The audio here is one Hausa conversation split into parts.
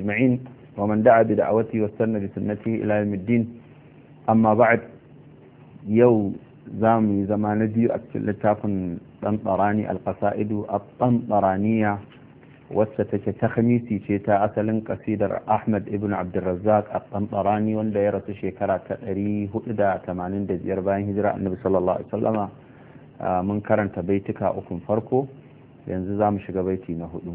أجمعين ومن دعا بدعوته واستنى بسنته إلى يوم الدين أما بعد يو زامي زمان بيو أكتل لتافن طنطراني القصائد الطنطرانية وستك تخميسي شيتا أسل قصيدة أحمد ابن عبد الرزاق الطنطراني واندا يرت شيكرا تأري هؤدا تمانين دزير باين هجرة النبي صلى الله عليه وسلم من كرنت بيتك أكم فرقو ينزل زام شقبيتي نهدو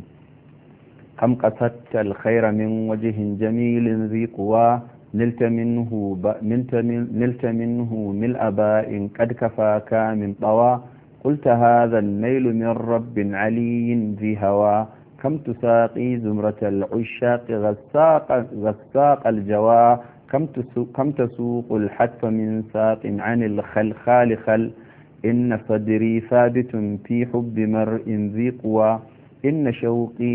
كم قصدت الخير من وجه جميل ذي قوى نلت منه ب... نلت, من... نلت منه ملء باء قد كفاك من طوى قلت هذا النيل من رب علي ذي هوى كم تساقي زمرة العشاق غساق, غساق الجوى كم, تسو... كم تسوق الحتف من ساق عن الخلخال خل إن صدري ثابت في حب مرء ذي قوى إن شوقي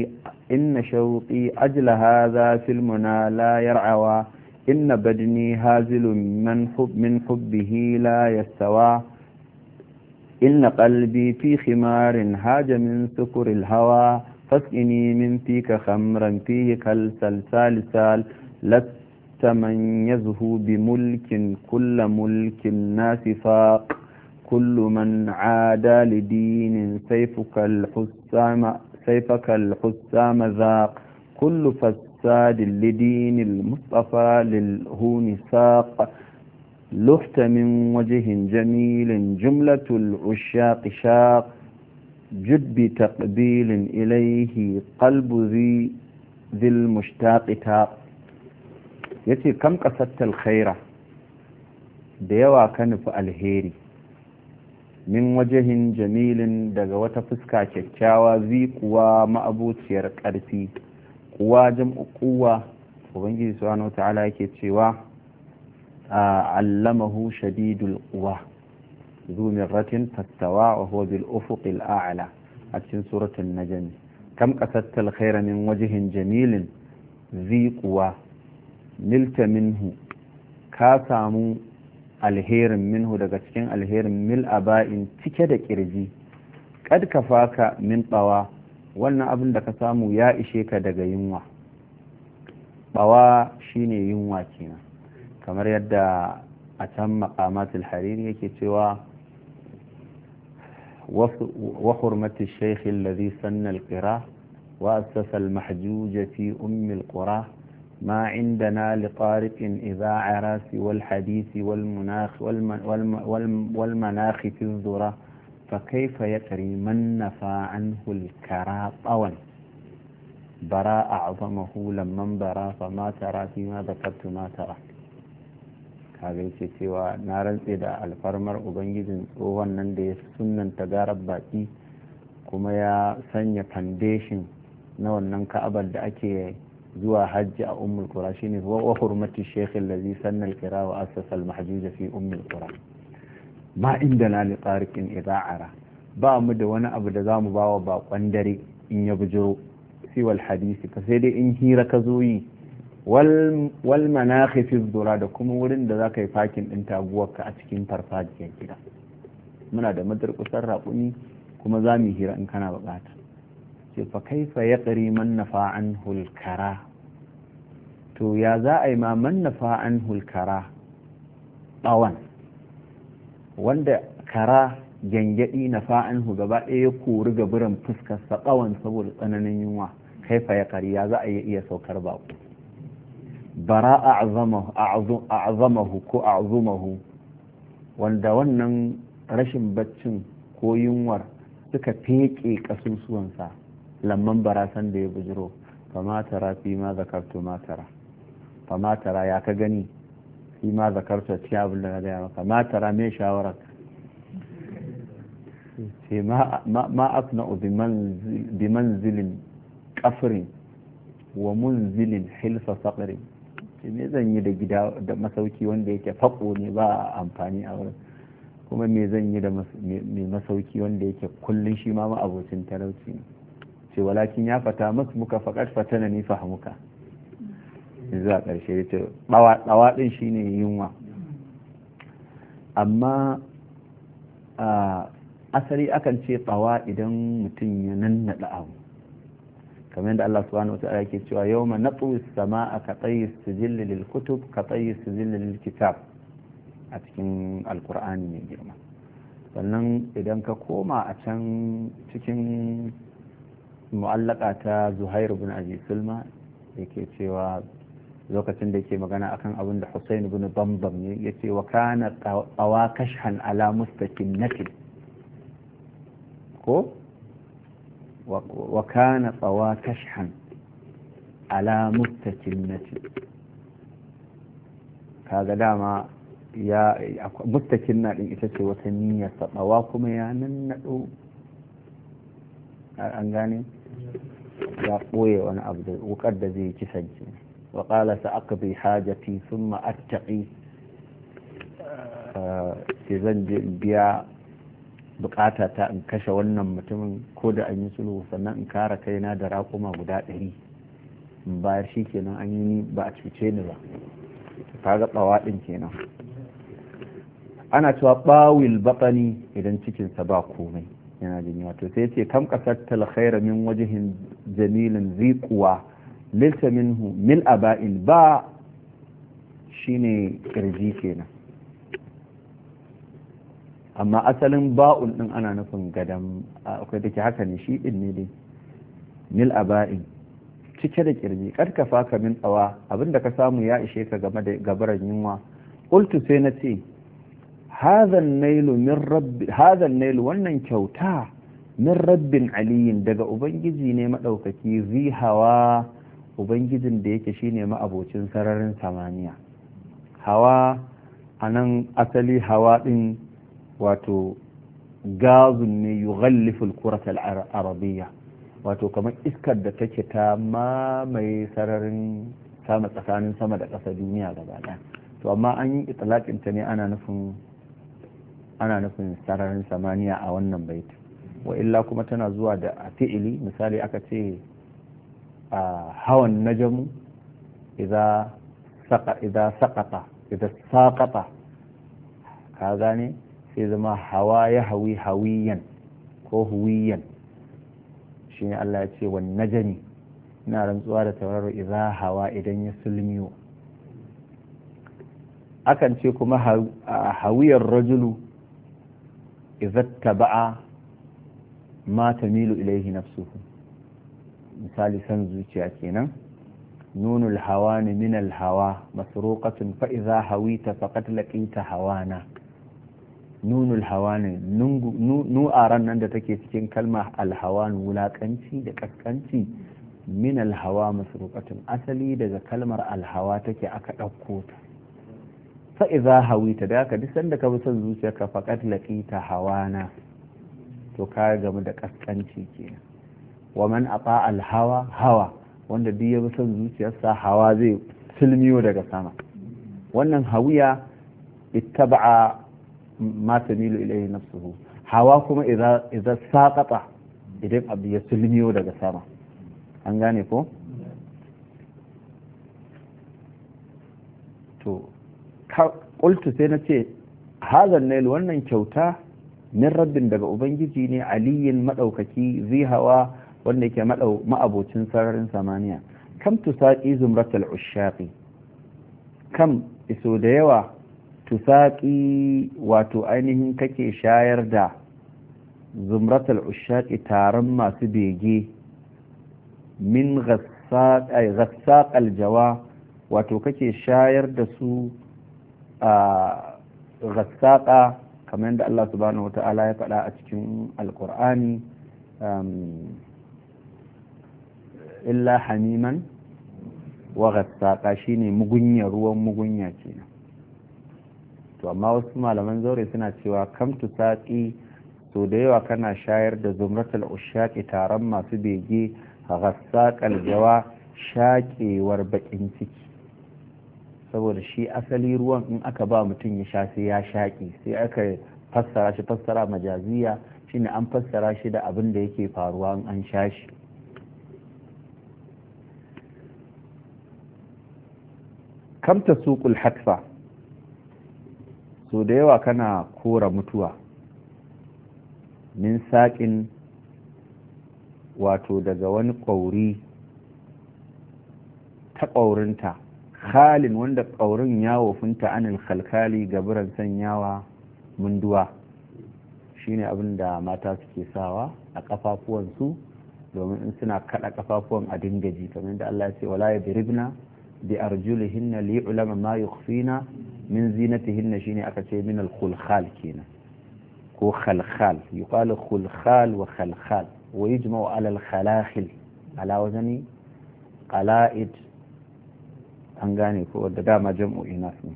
إن شوقي أجل هذا في المنى لا يرعوى إن بدني هازل من, حب من حبه لا يستوى إن قلبي في خمار هاج من سكر الهوى فاسقني من فيك خمرا فيه كالسلسال سال لست من يزهو بملك كل ملك الناس فاق كل من عادى لدين سيفك الحسام سيفك الحسام ذاق كل فساد لدين المصطفى للهون ساق لحت من وجه جميل جملة العشاق شاق جد بتقبيل إليه قلب ذي ذي المشتاق تاق يتي كم قصدت الخيرة ديوا كنف الهيري min wajehin jamilin daga wata fuska kyakkyawa zi kuwa ma'abuciyar ƙarfi kuwa jam'ukuwa ubangiji subhanahu wa ta'ala yake cewa allamahu shadidul quwa zu min fattawa wa huwa bil ufuqil a'la a cikin suratul najm kam qasatta alkhayra min wajhin jamilin zi quwa nilta minhu ka samu alherin minhu daga cikin alherin mil aba'in cike da kirji kad faka min bawa wannan abin da ka samu ya ishe ka daga yunwa bawa shine yunwa kenan kamar yadda a can maqamatul hariri yake cewa وحرمة الشيخ الذي سن القراء وأسس المحجوج في أم القرى ما عندنا لطارق إذا عراس والحديث والمناخ والمناخ في الذرة فكيف يكري من نفى عنه الكرى طوى براء أعظمه لما برا فما ترى فيما ذكرت ما ترى هذا سوى نار إذا الفرمر أبنجد أوهن ننده سنن تقارب باتي كما يا سنة تنديشن نو ننك أبد أكي zuwa hajji a ummul qura shine wa hurmati shaykh allazi sanna al-qira wa asasa al-mahjuj fi ummul kura ma inda na li tariqin ida'ara ba mu da wani abu da za mu bawa bakon dare in ya bujiro siwal hadisi ka sai dai in hira ka zo yi wal manakhifi dura da kuma wurin da zaka yi fakin din taguwarka a cikin farfajiyar gida muna da madar kusan raƙumi kuma za mu hira in kana bukata ce fa ya ƙari mannafa an hulkara to ya za a yi ma mannafa an hulkara ɓawan wanda kara gyangyaɗi na fa'anhu gaba ɗaya ya kori gaburan fuskarsa ɓawan saboda tsananin yunwa kaifa ya ƙari ya za a iya saukar baƙo bara a azamahu ko a azumahu wanda wannan rashin baccin ko yunwar suka feƙe ƙasusuwansa lamman barasan da ya bujiro fama tara fi ma zakartu ma tara fama tara ya ka gani fi ma zakartu ci abin da na gaya maka tara me shawarar sai ma afna bi manzilin kafirin wa munzilin hilfa saƙari me zan yi da gida da masauki wanda yake fako ne ba a amfani a wurin kuma me zan yi da mai masauki wanda yake kullum shi ma ma abocin talauci ne ce walakin ya fata mak muka faƙar fatana ni fahimuka yanzu a ƙarshe ya ce ɗawa ɗin shi ne yunwa amma asali akan ce ɗawa idan mutum ya nannaɗa abu kamar yadda Allah subhanahu wa ta'ala ke cewa yau ma natsuwi a ka tsayi sijilli lil kutub ka tsayi sijilli lil kitab a cikin alkur'ani mai girma sannan idan ka koma a can cikin mu'allaka ta zuhairu bin abi sulma yake cewa lokacin da yake magana akan abin da Hussein bin Bambam ne ya ce wa kana tsawa kashan ala mustaqim nafil ko wa kana tsawa kashan ala mustaqim nafil kaga dama ya mustaqim na din ita ce wata niyyar tsawa kuma ya nannado an gane ya ɓoye wani abu da wukar da zai kisan ki wa ƙala sa aka bi hajati sun ma'attaƙi ke eh, zan biya buƙata ta in kashe wannan mutumin ko da an yi sulhu sannan in kara na da raƙuma guda ɗari in bayar shi kenan an yi ba a cuce ni ba ga ɓawa ɗin kenan ana cewa ɓawil baɓani idan cikinsa ba komai yana jin yunwa to sai ce kam kasattal khaira min wajihin jamilin ziquwa lilta minhu mil aba'in ba shine kirji kenan amma asalin ba'ul din ana nufin gadan akwai dake haka ne shi din ne dai mil aba'in cike da kirji karkafa ka min tsawa abinda ka samu ya ishe ka game da gabaran yunwa qultu sai na ce هذا nailu من رب هذا النيل wannan kyauta min rabbin aliyin daga ubangiji ne madaukaki zi hawa ubangijin da yake shine ma'abocin sararin samaniya hawa anan asali hawa din wato gazun ne yughallifu kuratal alarabiyya wato kamar iskar da take ta mamaye sararin sama tsakanin sama da ƙasa duniya gaba ɗaya to amma an yi itilaƙinta ne ana nufin ana nufin sararin samaniya a wannan baiti wa illa kuma tana zuwa da a fi'ili misali aka ce a hawan najamu idan saƙaƙa idan saƙaƙa ka gane sai zama hawa ya hawi hawiyan ko huwiyan shi ne Allah ya ce wa najami ina rantsuwa da tauraro idan hawa idan ya sulmiyo akan ce kuma hawiyar rajulu izatta ba'a ma tamilu ilaihi nafsuhu misali san zuciya kenan nunul hawa ne al hawa masruqatun fa idza hawita faqad laqita hawana nunul hawa ne nu'aran nan da take cikin kalma alhawan hawan wulakanci da kaskanci min al hawa masruqatun asali daga kalmar alhawa take aka ɗauko ta fa iza hawita da haka duk sanda ka bi son zuciya ka faqat laqita hawana to ka gamu da kaskanci kenan wa man ata al hawa hawa wanda duk ya bi son zuciyarsa hawa zai filmiyo daga sama wannan hawiya ittaba'a ma tamilu ilayhi nafsuhu hawa kuma idan idan saqata idan abu ya filmiyo daga sama an gane ko Kultu sai na ce, hazan nail wannan kyauta min rabbin daga ubangiji ne aliyin madaukaki Hawa, wanda yake ma'abocin sararin samaniya kam tusaƙi! zumratul ushaqi kam iso da yawa tusaƙi wato ainihin kake shayar da zumratul ushaƙi taron masu bege min ghassaq aljawa wato kake shayar da su a Gassaka kamar yadda Allah subhanahu wa ta'ala ya faɗa a cikin alkur'ani um, illa hamiman wa rassaƙa shine mugunya ruwan mugunya kenan to amma wasu malaman zaure suna cewa kam tu saƙi so da yawa kana shayar da zumratul ushaqi taron masu bege Gassaka jawa shaƙewar baƙin ciki saboda shi asali ruwan in aka ba mutum ya sha sai ya shaƙi sai aka fassara shi fassara majaziya shine an fassara shi da abin da yake faruwa in an sha shi Kamta suƙul hatfa so da yawa kana kora mutuwa min saƙin wato daga wani ƙauri ta ƙaurinta khalin wanda ƙaurin ya wofinta anil khalkali gaburan sanyawa munduwa shine abin da mata suke sawa a kafafuwansu domin in suna kaɗa kafafuwan a ji kamar da Allah ya ce wala yadribna bi arjulihinna li ulama ma yukhfina min zinatihinna shine aka ce min al-khulkhal kenan ko khalkhal yuqalu khulkhal wa khalkhal wa yajma'u ala al-khalakhil ala wazani qala'id an gane ko da dama jam'o'i nasu ne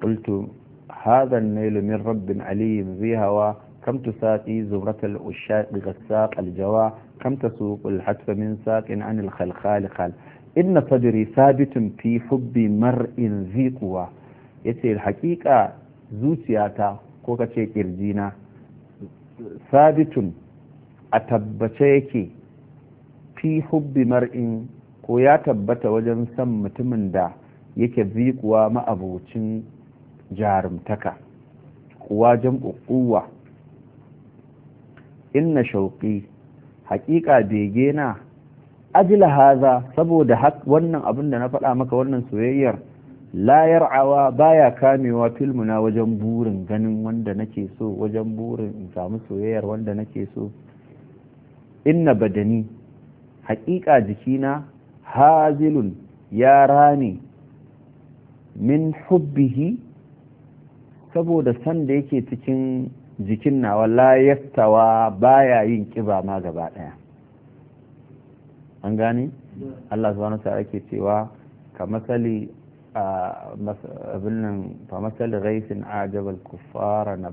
ƙultu hadan nailu min rabbin aliyin zai hawa tu saƙi zumratal ushaɗi ga saƙal jawa kam ta suƙul hatfa min saƙin an alkhalkhali khal inna sadri sabitun fi hubbi mar'in ziƙuwa ya ce haƙiƙa zuciyata ko ka ce ƙirjina sabitun a tabbace yake fi hubbi mar'in ko ya tabbata wajen san mutumin da yake zikuwa ma'abocin jarumtaka kuwa jam'u inna shauƙi haƙiƙa bege na ajila haza saboda wannan abin da na faɗa maka wannan soyayyar layar ba baya kamewa filmuna wajen burin ganin wanda nake so wajen burin in samu soyayyar wanda nake so inna badani haƙiƙa jikina hazilun ya rani min hubbihi saboda sanda yake cikin jikin nawa la yastawa baya yin kiba ma gaba daya an gane Allah subhanahu wa ta'ala yake cewa ka masali abinnan famasal raisin ajabal kuffara na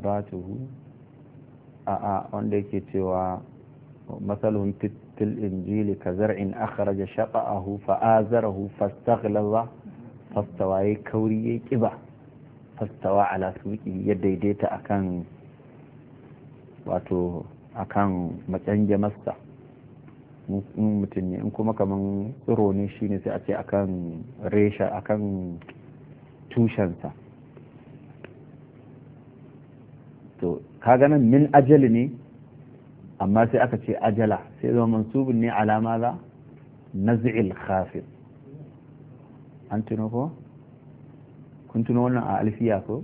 a a wanda yake cewa masalun fit في الإنجيل كزرع أخرج شطأه فآزره فاستغلظ فاستوى كوري كبا فاستوى على سوقه يدي ديتا أكان واتو أكان مكان جمسة in mutum ne in kuma شيني سأتي أكان shine أكان توشنسا تو كاغانا من akan tushensa amma sai aka ce ajala sai zama mansubin ne alama za nazi'il khafir an tuno ko kun tuno wannan a alfiya ko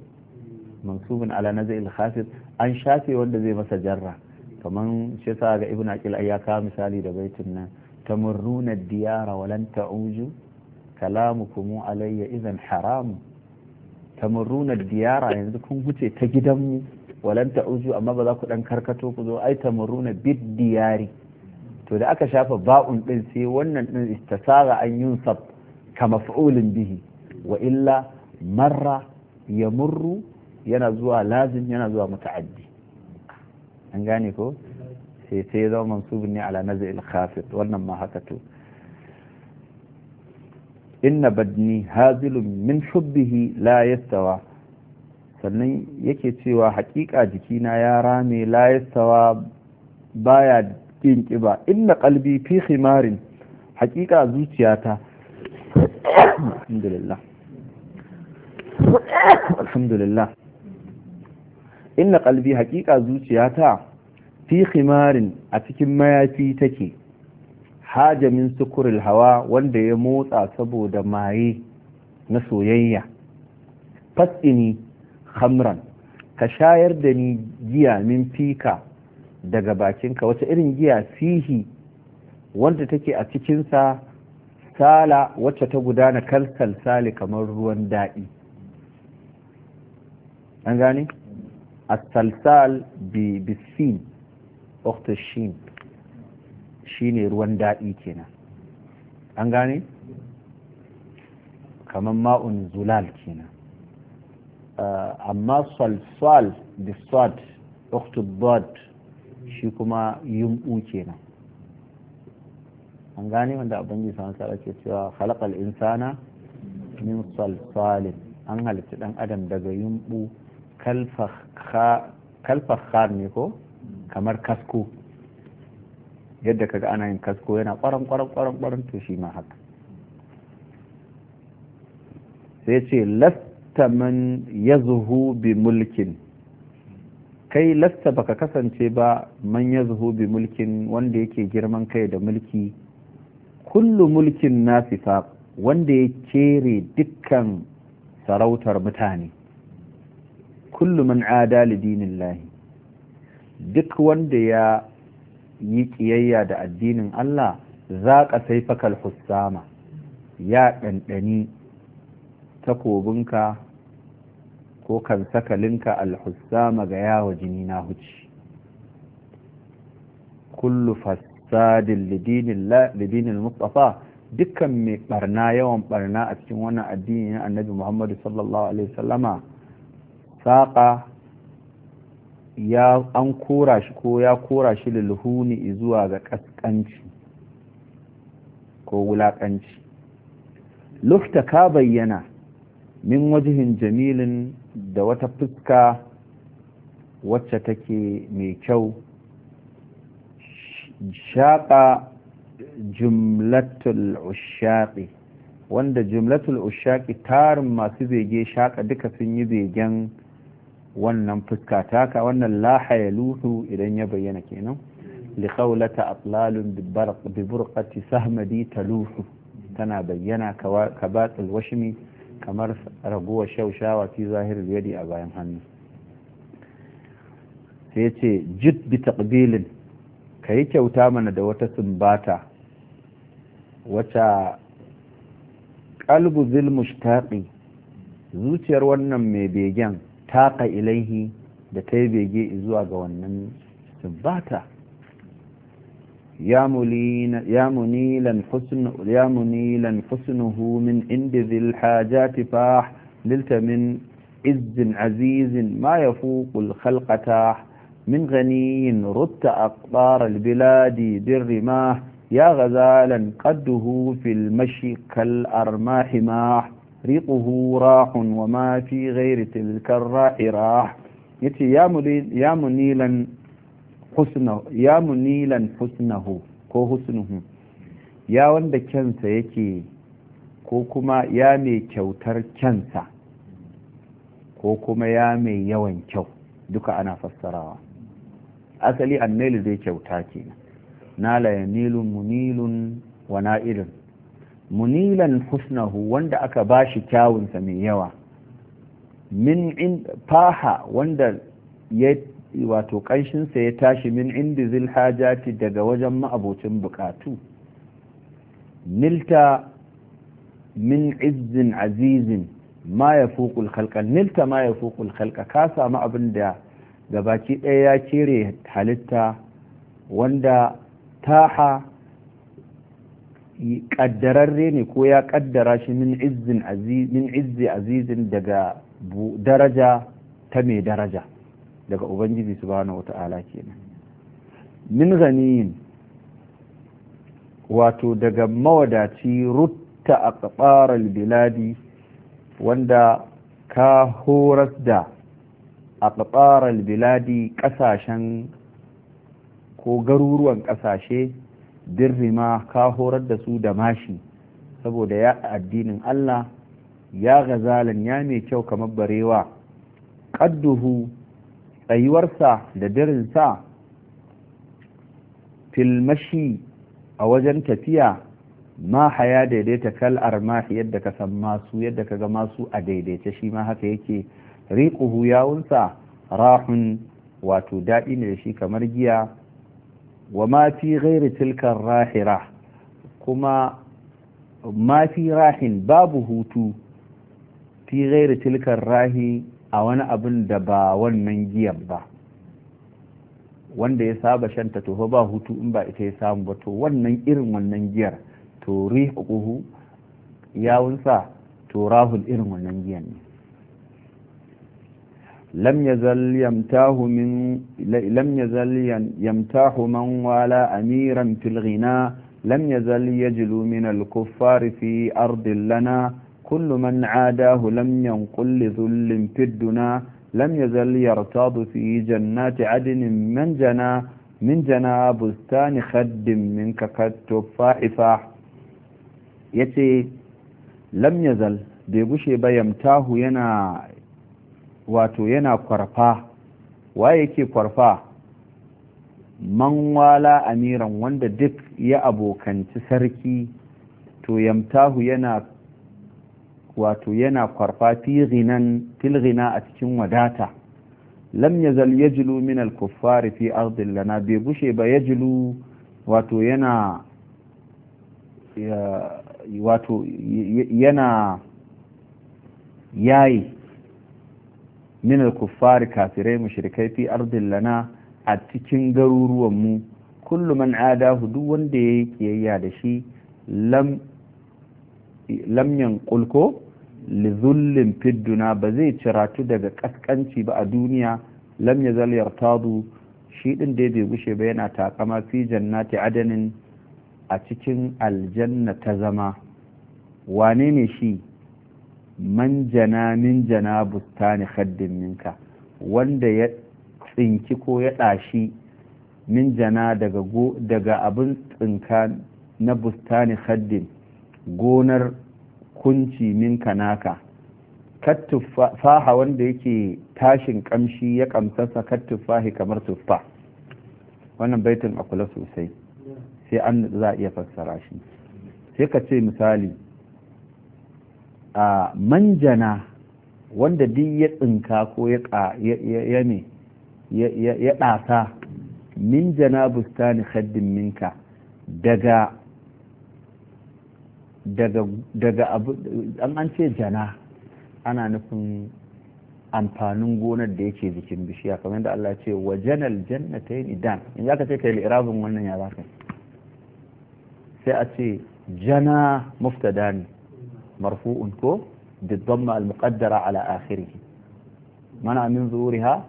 mansubin ala nazi'il khafir an shafe wanda zai masa jarra kamar shi sa ga ibn aqil ya kawo misali da baitin nan tamurruna diyara walan ta'uju kalamukum alayya idan haram tamurruna diyara yanzu kun huce ta gidanmu walan uju amma ba za ku dan karkato ku zo ai tamuruna bid diyari to da aka shafa ba'un din sai wannan din istasara an yunsab ka maf'ulin bihi wa illa marra yamurru yana zuwa lazim yana zuwa muta'addi an gane ko sai sai zama mansubun ne ala nazil khafid wannan ma haka to inna badni hazilun min hubbihi la yastawa sannan yake cewa haƙiƙa jikina ya rame la baya kin kiba inna qalbi fi khimarin haƙiƙa zuciyata alhamdulillah alhamdulillah inna qalbi haƙiƙa zuciyata fi khimarin a cikin mayafi take hajamin sukuril hawa wanda ya motsa saboda maye na soyayya fasini khamran ka shayar da ni giya min fika daga bakinka wata irin giya fihi wanda take a cikinsa sala wacce ta gudana kalkal sali kamar ruwan daɗi an salsal bi bisin oktashin shi ne ruwan daɗi kenan an gani kamar ma'un zulal kenan amma salsal da sod oktobod shi kuma yumɓu kenan an gane wanda abin sama ta ake cewa halakal insana min salsalin an halitta ɗan adam daga yumbu kalfahar ne ko kamar kasko yadda kaga ana yin kasko yana kwaran kwaran kwaran kwaran to shi ma haka sai ce last lasta man bi mulkin kai lasta baka kasance ba man yazuhu bi mulkin wanda yake girman kai da mulki kullu mulkin nasifa wanda ya kere dukkan sarautar mutane kullu man ada lidinillahi duk wanda ya yi kiyayya da addinin Allah za ka sai fakal hussama ya ɗanɗani takobinka ko kan sakalinka alhussama ga gayawa jini na huci kullu fasadin lidinin mustafa dukkan mai barna yawan barna a cikin wannan addinin annabi muhammadu sallallahu alaihi wasallama saƙa ya an kora shi ko ya kora shi lulhuni zuwa ga ƙasƙanci ko wulaƙanci lufta ka bayyana min wajihin jamilin da wata fuska wacce take mai kyau shaƙa jumlatul ushaƙi wanda jumlatul ushaƙi tarin masu bege shaƙa duka sun yi begen wannan fuska taka wannan laha ya luhu idan ya bayyana kenan liƙaulata atlalun biburƙati sahmadi ta luhu tana bayyana ka batsil washimi kamar raguwar shaushawa fi zahir yadi a bayan hannu sai ce jid bi taqbilin ka yi kyauta mana da wata sumbata wata kalbu zil mushtaqi zuciyar wannan mai begen taƙa ilaihi da ta yi bege zuwa ga wannan sumbata يا ملين يا منيلا حسن يا منيلا حسنه من عند ذي الحاجات فاح نلت من عز عزيز ما يفوق الخلق تاح من غني رت أقطار البلاد بالرماح يا غزالا قده في المشي كالأرماح ماح ريقه راح وما في غير تلك الراح راح يتي يا منيلا ya munilan husnahu ko husnuhu ya wanda kyansa yake ko kuma ya mai kyautar kyansa ko kuma ya mai yawan kyau duka ana fassarawa asali annali zai kyauta kena nala ya nilun munilun wa irin munilan husnahu wanda aka bashi kyawunsa mai yawa min in faha wanda ya wato ƙanshinsa ya tashi min indi zil hajati daga wajen ma'abocin buƙatu nilta min izzin azizin ma ya fuƙul khalqa nilta ma ya fuƙul halka ka samu abin da gabaki ɗaya ya cire halitta wanda taha ƙaddararre ne ko ya ƙaddara shi min izzi azizin daga daraja ta mai daraja daga ubangiji subhanahu wata'ala kenan min ganiyin wato daga mawadaci rutta a tsabarar biladi wanda ka horas da a biladi ƙasashen ko garuruwan ƙasashe dirrima ka horar da su da mashi saboda ya addinin Allah ya gazalan ya mai kyau kamar barewa ƙadduhu tsayuwarsa da dirinsa filmashi a wajen tafiya maha ya daidaita kal armahi yadda ka san masu yadda ka ga masu a daidaita shi ma haka yake riƙuhu yawunsa rahun wato daɗi ne da shi kamar giya wa ma fi ghairi tilkar rahira kuma ma fi rahin babu hutu fi ghairi tilkar rahi a wani abin da ba wannan giyan ba wanda ya saba shanta to ba hutu in ba ita ya samu ba to wannan irin wannan giyar to rihuhu yawunsa to rahul irin wannan giyan ne لم يزل يمتاه من لم يزل يمتاه من والى اميرا في الغناء لم يزل يجلو من الكفار في ارض لنا kullu man adahu lam yanqul li dhullin fid duna jannati adnin man jana min jana bustani min kakattu fa'ifa yace lam yazal bai gushe ba yamtahu yana wato yana yake kwarfa man wala amiran wanda duk ya abokanci sarki to yamtahu yana wato yana kwarfa fi a cikin wadata lam yazal yajlu min al kuffari fi bai bushe ba yajlu wato yana wato yana yayi min al kuffari kafirai mushrikai fi ardil a cikin garuruwan mu kullu man adahu duk wanda yayi kiyayya da shi lam lamyan kulko lizullin fidduna ba zai ciratu daga kaskanci ba a duniya lamya ya tadu shi din dai bai gushe ba yana takama fi jannati adanin a cikin aljanna ta zama wane ne shi man jana min jana bustani haddin minka wanda ya tsinki ko ya ɗashi min jana daga abin tsinka na bustani haddin gonar kunci min kanaka kattufaha wanda yake tashin kamshi ya kamsasa kattufahi kamar tuffa wannan baitin a kula sosai sai an za a iya fassara shi sai ka ce misali a manjana wanda duk ya tsinka ko ya ne ya ɗasa min jana bustani haddin minka daga daga abu an an ce jana ana nufin amfanin gonar da yake jikin bishiya kamar yadda Allah ce wa janal jannata yin idan in za ka ce kai li'irabin wannan ya zaka sai a ce jana muftadan ne marfu'un ko bidamma al-muqaddara ala akhirih mana min zuhuriha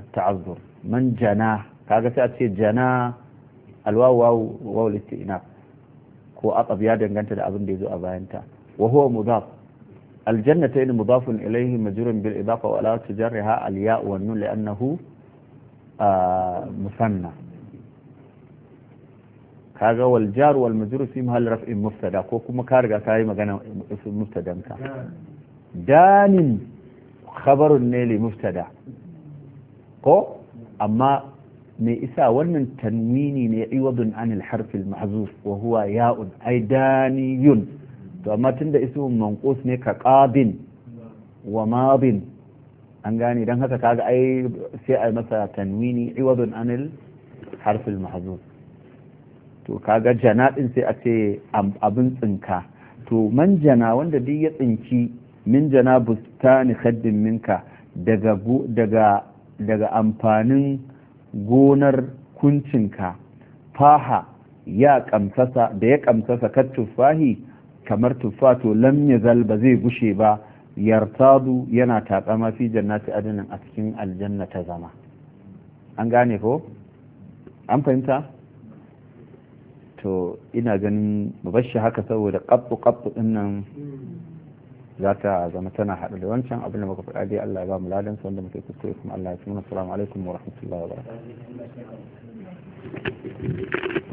at-ta'azzur man jana kaga sai a ce jana alwawu wawu wawu ko aqab ya danganta da abin da zo a bayanta wa huwa mudaf idafa wa la مجرور al ya wa nun li annahu musanna kaga wal jar wal majrur fi mahall raf'in mubtada ko kuma ka riga ka yi magana ism mubtadanka danin khabarun ne li mubtada ko amma me isa wannan tanwini ne iwadun anil harfil mahzuf wa huwa ya'un ai daniyun to amma tunda ismun manqus ne ka qabin wa madin an gane dan haka kaga ai sai ai masa tanwini iwadun anil harfil mahzuf to kaga jana din sai a ce abin tsinka to man jana wanda duk ya tsinki min jana bustani khaddin minka daga daga daga amfanin gonar kuncinka faha ya kamsasa da ya kamsasa ka tufahi kamar tufato to lam yazal ba zai gushe ba yartadu yana tatsama fi jannati adinin a cikin aljanna ta zama an gane ko an fahimta to ina ganin bashi haka saboda ƙaɓɓu ƙaɓɓu nan za ta zama tana haɗu da wancan abin da muka faɗa dai Allah ya ba mu ladan su wanda muke kuskure kuma Allah ya ci mana assalamu alaikum wa rahmatullahi wa barakatuh